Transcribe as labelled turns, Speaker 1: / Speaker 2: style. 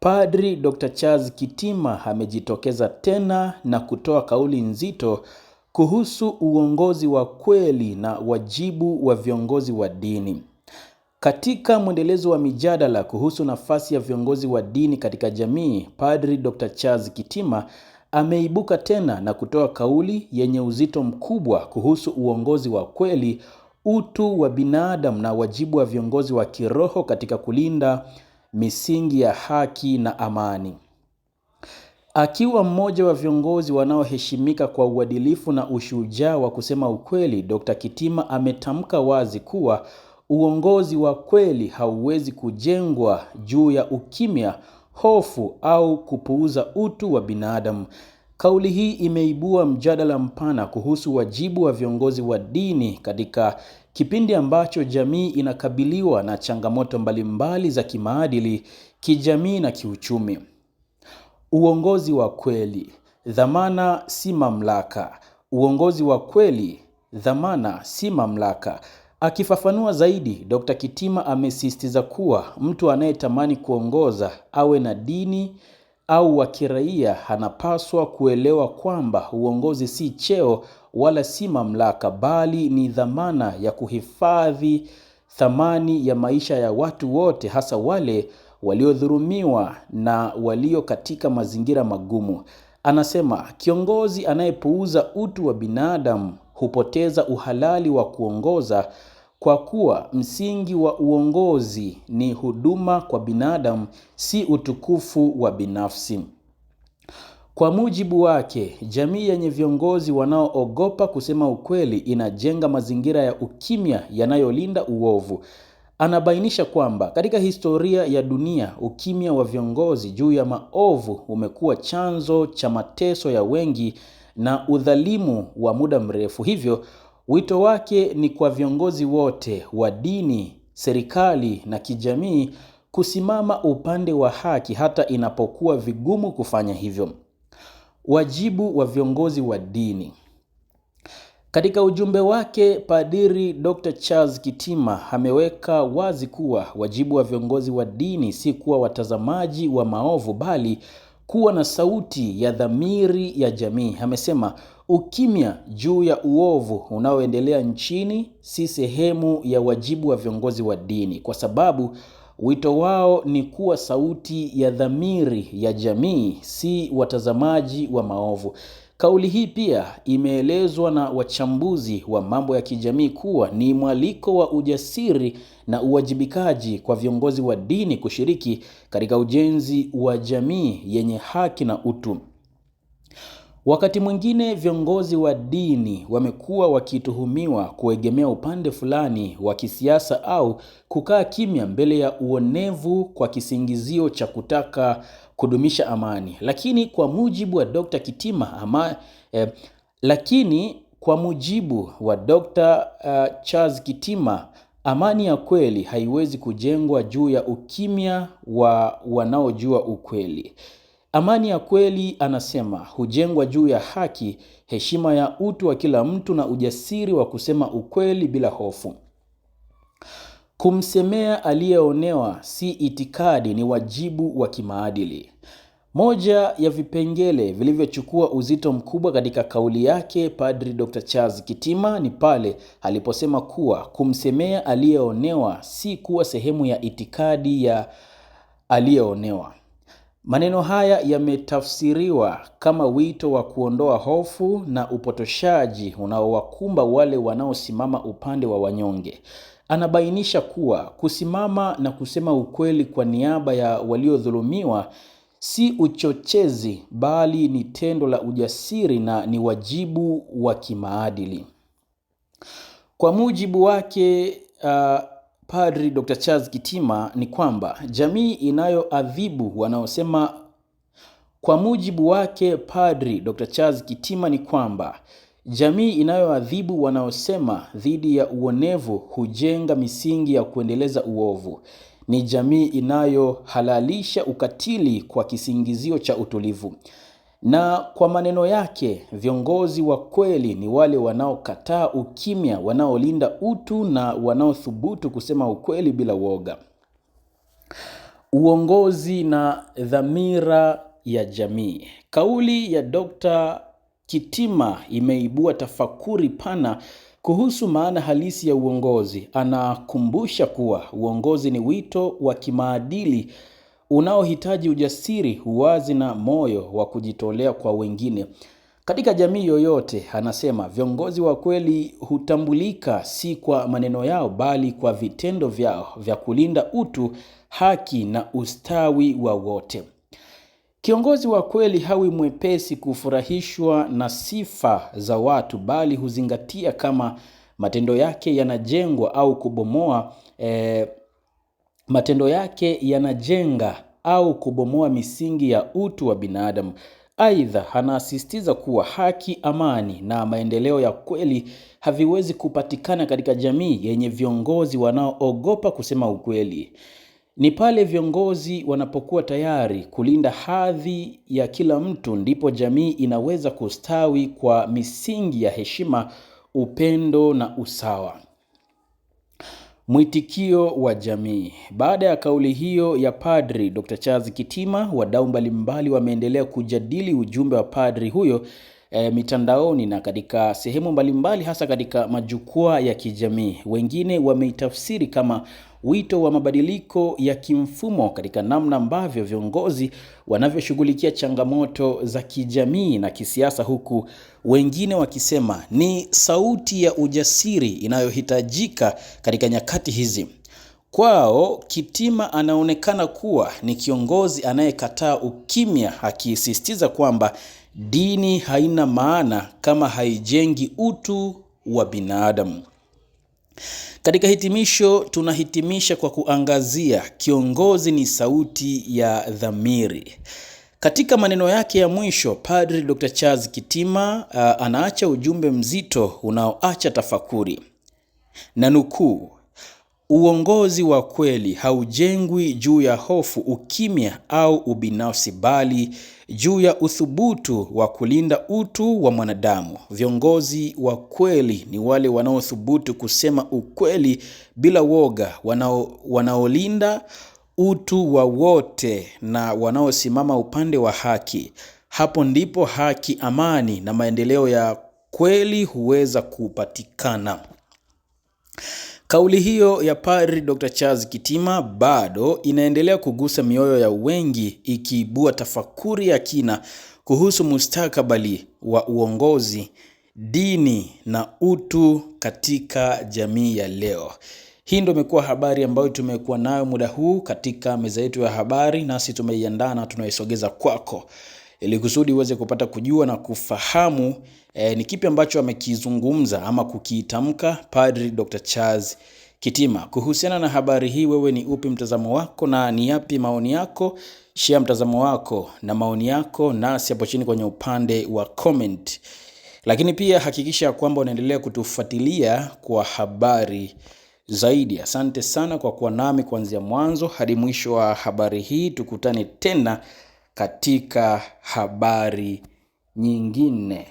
Speaker 1: Padri Dr. Charles Kitima amejitokeza tena na kutoa kauli nzito kuhusu uongozi wa kweli na wajibu wa viongozi wa dini. Katika mwendelezo wa mijadala kuhusu nafasi ya viongozi wa dini katika jamii, Padri Dr. Charles Kitima ameibuka tena na kutoa kauli yenye uzito mkubwa kuhusu uongozi wa kweli, utu wa binadamu na wajibu wa viongozi wa kiroho katika kulinda misingi ya haki na amani. Akiwa mmoja wa viongozi wanaoheshimika kwa uadilifu na ushujaa wa kusema ukweli, Dr. Kitima ametamka wazi kuwa uongozi wa kweli hauwezi kujengwa juu ya ukimya, hofu au kupuuza utu wa binadamu. Kauli hii imeibua mjadala mpana kuhusu wajibu wa viongozi wa dini katika Kipindi ambacho jamii inakabiliwa na changamoto mbalimbali za kimaadili, kijamii na kiuchumi. Uongozi wa kweli, dhamana si mamlaka. Uongozi wa kweli, dhamana si mamlaka. Akifafanua zaidi, Dr. Kitima amesisitiza kuwa mtu anayetamani kuongoza awe na dini au wa kiraia anapaswa kuelewa kwamba uongozi si cheo wala si mamlaka, bali ni dhamana ya kuhifadhi thamani ya maisha ya watu wote, hasa wale waliodhulumiwa na walio katika mazingira magumu. Anasema kiongozi anayepuuza utu wa binadamu hupoteza uhalali wa kuongoza, kwa kuwa msingi wa uongozi ni huduma kwa binadamu, si utukufu wa binafsi. Kwa mujibu wake, jamii yenye viongozi wanaoogopa kusema ukweli inajenga mazingira ya ukimya yanayolinda uovu. Anabainisha kwamba katika historia ya dunia, ukimya wa viongozi juu ya maovu umekuwa chanzo cha mateso ya wengi na udhalimu wa muda mrefu. Hivyo, wito wake ni kwa viongozi wote wa dini, serikali na kijamii kusimama upande wa haki hata inapokuwa vigumu kufanya hivyo. Wajibu wa viongozi wa dini. Katika ujumbe wake, Padiri Dr. Charles Kitima ameweka wazi kuwa wajibu wa viongozi wa dini si kuwa watazamaji wa maovu bali kuwa na sauti ya dhamiri ya jamii. Amesema Ukimya juu ya uovu unaoendelea nchini si sehemu ya wajibu wa viongozi wa dini, kwa sababu wito wao ni kuwa sauti ya dhamiri ya jamii, si watazamaji wa maovu. Kauli hii pia imeelezwa na wachambuzi wa mambo ya kijamii kuwa ni mwaliko wa ujasiri na uwajibikaji kwa viongozi wa dini kushiriki katika ujenzi wa jamii yenye haki na utu. Wakati mwingine viongozi wa dini wamekuwa wakituhumiwa kuegemea upande fulani wa kisiasa au kukaa kimya mbele ya uonevu kwa kisingizio cha kutaka kudumisha amani. Lakini kwa mujibu wa Dr. Kitima ama, eh, lakini kwa mujibu wa Dr. Eh, Charles Kitima amani ya kweli haiwezi kujengwa juu ya ukimya wa wanaojua ukweli. Amani ya kweli, anasema, hujengwa juu ya haki, heshima ya utu wa kila mtu na ujasiri wa kusema ukweli bila hofu. Kumsemea aliyeonewa si itikadi, ni wajibu wa kimaadili. Moja ya vipengele vilivyochukua uzito mkubwa katika kauli yake Padri Dr. Charles Kitima ni pale aliposema kuwa kumsemea aliyeonewa si kuwa sehemu ya itikadi ya aliyeonewa. Maneno haya yametafsiriwa kama wito wa kuondoa hofu na upotoshaji unaowakumba wale wanaosimama upande wa wanyonge. Anabainisha kuwa kusimama na kusema ukweli kwa niaba ya waliodhulumiwa si uchochezi bali ni tendo la ujasiri na ni wajibu wa kimaadili. Kwa mujibu wake, uh, Padri Dr. Charles Kitima ni kwamba jamii inayoadhibu wanaosema kwa mujibu wake Padri Dr. Charles Kitima ni kwamba jamii inayoadhibu wanaosema dhidi ya uonevu hujenga misingi ya kuendeleza uovu. Ni jamii inayohalalisha ukatili kwa kisingizio cha utulivu. Na kwa maneno yake, viongozi wa kweli ni wale wanaokataa ukimya, wanaolinda utu na wanaothubutu kusema ukweli bila woga. Uongozi na dhamira ya jamii. Kauli ya Dr. Kitima imeibua tafakuri pana kuhusu maana halisi ya uongozi. Anakumbusha kuwa uongozi ni wito wa kimaadili unaohitaji ujasiri, uwazi na moyo wa kujitolea kwa wengine katika jamii yoyote. Anasema viongozi wa kweli hutambulika si kwa maneno yao, bali kwa vitendo vyao vya kulinda utu, haki na ustawi wa wote. Kiongozi wa kweli hawi mwepesi kufurahishwa na sifa za watu, bali huzingatia kama matendo yake yanajengwa au kubomoa eh, matendo yake yanajenga au kubomoa misingi ya utu wa binadamu. Aidha, anasisitiza kuwa haki, amani na maendeleo ya kweli haviwezi kupatikana katika jamii yenye viongozi wanaoogopa kusema ukweli. Ni pale viongozi wanapokuwa tayari kulinda hadhi ya kila mtu, ndipo jamii inaweza kustawi kwa misingi ya heshima, upendo na usawa. Mwitikio wa jamii. Baada ya kauli hiyo ya padri Dr. Charles Kitima, wadau mbalimbali wameendelea kujadili ujumbe wa padri huyo e, mitandaoni na katika sehemu mbalimbali, hasa katika majukwaa ya kijamii. Wengine wameitafsiri kama wito wa mabadiliko ya kimfumo katika namna ambavyo viongozi wanavyoshughulikia changamoto za kijamii na kisiasa, huku wengine wakisema ni sauti ya ujasiri inayohitajika katika nyakati hizi. Kwao Kitima anaonekana kuwa ni kiongozi anayekataa ukimya, akisisitiza kwamba dini haina maana kama haijengi utu wa binadamu. Katika hitimisho, tunahitimisha kwa kuangazia kiongozi ni sauti ya dhamiri. Katika maneno yake ya mwisho, Padri Dr. Charles Kitima uh, anaacha ujumbe mzito unaoacha tafakuri na nukuu Uongozi wa kweli haujengwi juu ya hofu, ukimya au ubinafsi, bali juu ya uthubutu wa kulinda utu wa mwanadamu. Viongozi wa kweli ni wale wanaothubutu kusema ukweli bila woga, wanao, wanaolinda utu wa wote na wanaosimama upande wa haki. Hapo ndipo haki, amani na maendeleo ya kweli huweza kupatikana. Kauli hiyo ya Padri Dr. Charles Kitima bado inaendelea kugusa mioyo ya wengi ikiibua tafakuri ya kina kuhusu mustakabali wa uongozi, dini na utu katika jamii ya leo. Hii ndio imekuwa habari ambayo tumekuwa nayo muda huu katika meza yetu ya habari, nasi tumeiandaa na tunaisogeza kwako ili kusudi uweze kupata kujua na kufahamu e, ni kipi ambacho amekizungumza ama kukiitamka Padri Dr. Charles Kitima kuhusiana na habari hii. Wewe ni upi mtazamo wako na ni yapi maoni yako? Shia mtazamo wako na maoni yako nasi hapo chini kwenye upande wa comment, lakini pia hakikisha kwamba unaendelea kutufuatilia kwa habari zaidi. Asante sana kwa kuwa nami kuanzia mwanzo hadi mwisho wa habari hii. Tukutane tena katika habari nyingine.